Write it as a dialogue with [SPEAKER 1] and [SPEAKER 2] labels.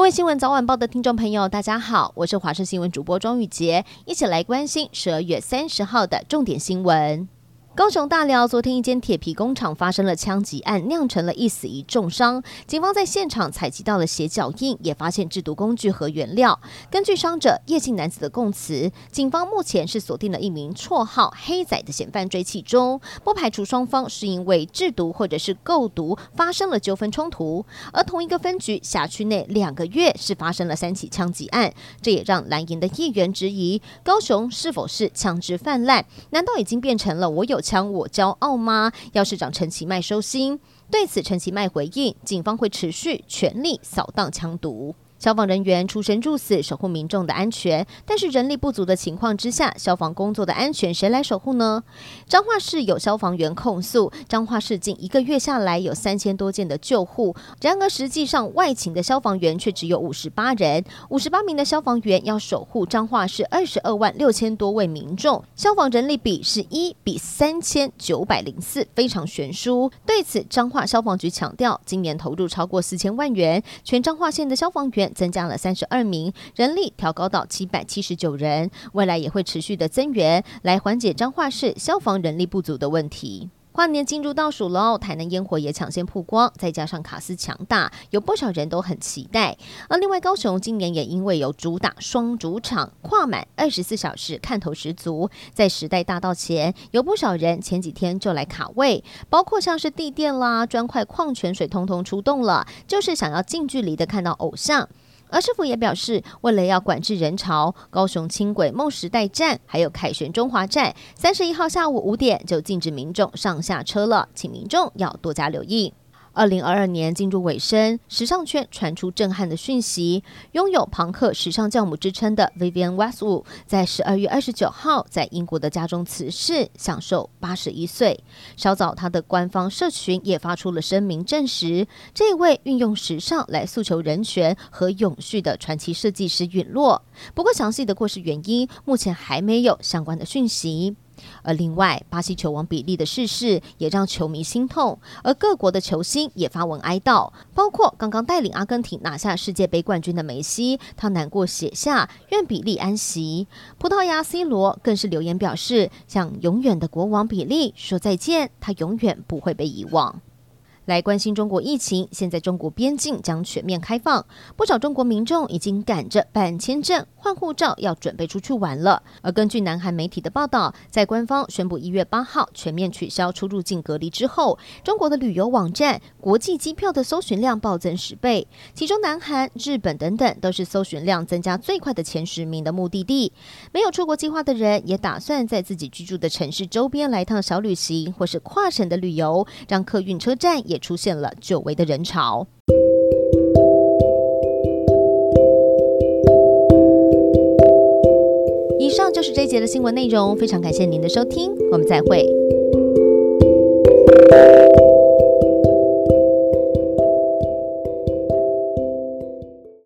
[SPEAKER 1] 各位新聞早晚報的聽眾朋友，大家好，我是華視新聞主播莊雨潔，一起來關心十二月三十號的重點新聞。高雄大寮昨天一間鐵皮工廠發生了槍擊案，釀成了一死一重傷。警方在現場採集到了血腳印，也發現製毒工具和原料。根據傷者葉姓男子的供詞，警方目前是鎖定了一名綽號“黑仔”的嫌犯追緝中，不排除雙方是因為製毒或者是購毒發生了糾紛衝突。而同一個分局轄區內兩個月是發生了三起槍擊案，這也讓藍營的議員質疑高雄是否是槍支氾濫，難道已經變成了我有槍槍我驕傲嗎？要市長陳其邁收心。對此，陳其邁回應：警方會持續全力掃蕩槍毒。消防人員出生入死，守護民眾的安全，但是人力不足的情況之下，消防工作的安全誰來守護呢？彰化市有消防員控訴，彰化市近一個月下來有三千多件的救護，然而實際上外勤的消防員卻只有五十八人，五十八名的消防員要守護彰化市二十二萬六千多位民眾，消防人力比是一比三千九百零四，非常懸殊。對此，彰化消防局強調，今年投入超過四千萬元，全彰化縣的消防員。增加了三十二名，人力調高到七百七十九人，未來也會持續的增援，來緩解彰化市消防人力不足的問題。跨年進入倒數嘍！台南煙火也搶先曝光，再加上卡司強大，有不少人都很期待。而另外高雄今年也因為有主打雙主場，跨滿二十四小時，看頭十足。在時代大道前，有不少人前幾天就來卡位，包括像是地墊啦、磚塊、礦泉水，通通出動了，就是想要近距離的看到偶像。而市府也表示，為了要管制人潮，高雄輕軌夢時代站還有凱旋中華站，三十一號下午五點就禁止民眾上下車了，請民眾要多加留意。二零二二年進入尾聲，時尚圈傳出震撼的訊息。擁有“龐克時尚教母”之稱的 Vivienne Westwood 在十二月二十九號在英國的家中辭世，享壽八十一歲。稍早，他的官方社群也發出了聲明，證實這一位運用時尚來訴求人權和永續的傳奇設計師隕落。不過，詳細的過世原因目前還沒有相關的訊息。而另外，巴西球王比利的逝世也讓球迷心痛，而各國的球星也發文哀悼，包括剛剛帶領阿根廷拿下世界盃冠軍的梅西，他難過寫下願比利安息；葡萄牙 C 羅更是留言表示，向永遠的國王比利說再見，他永遠不會被遺忘。來關心中國疫情。現在中國邊境將全面開放，不少中國民眾已經趕着辦簽證、換護照，要準備出去玩了。而根據南韓媒體的報道，在官方宣布一月八號全面取消出入境隔離之後，中國的旅遊網站、國際機票的搜尋量暴增十倍。其中，南韓、日本等等都是搜尋量增加最快的前十名的目的地。沒有出國計劃的人也打算在自己居住的城市周邊來一趟小旅行，或是跨省的旅遊，讓客運車站。也出現了久違的人潮。以上就是這一節的新聞內容，非常感謝您的收聽，我們再會。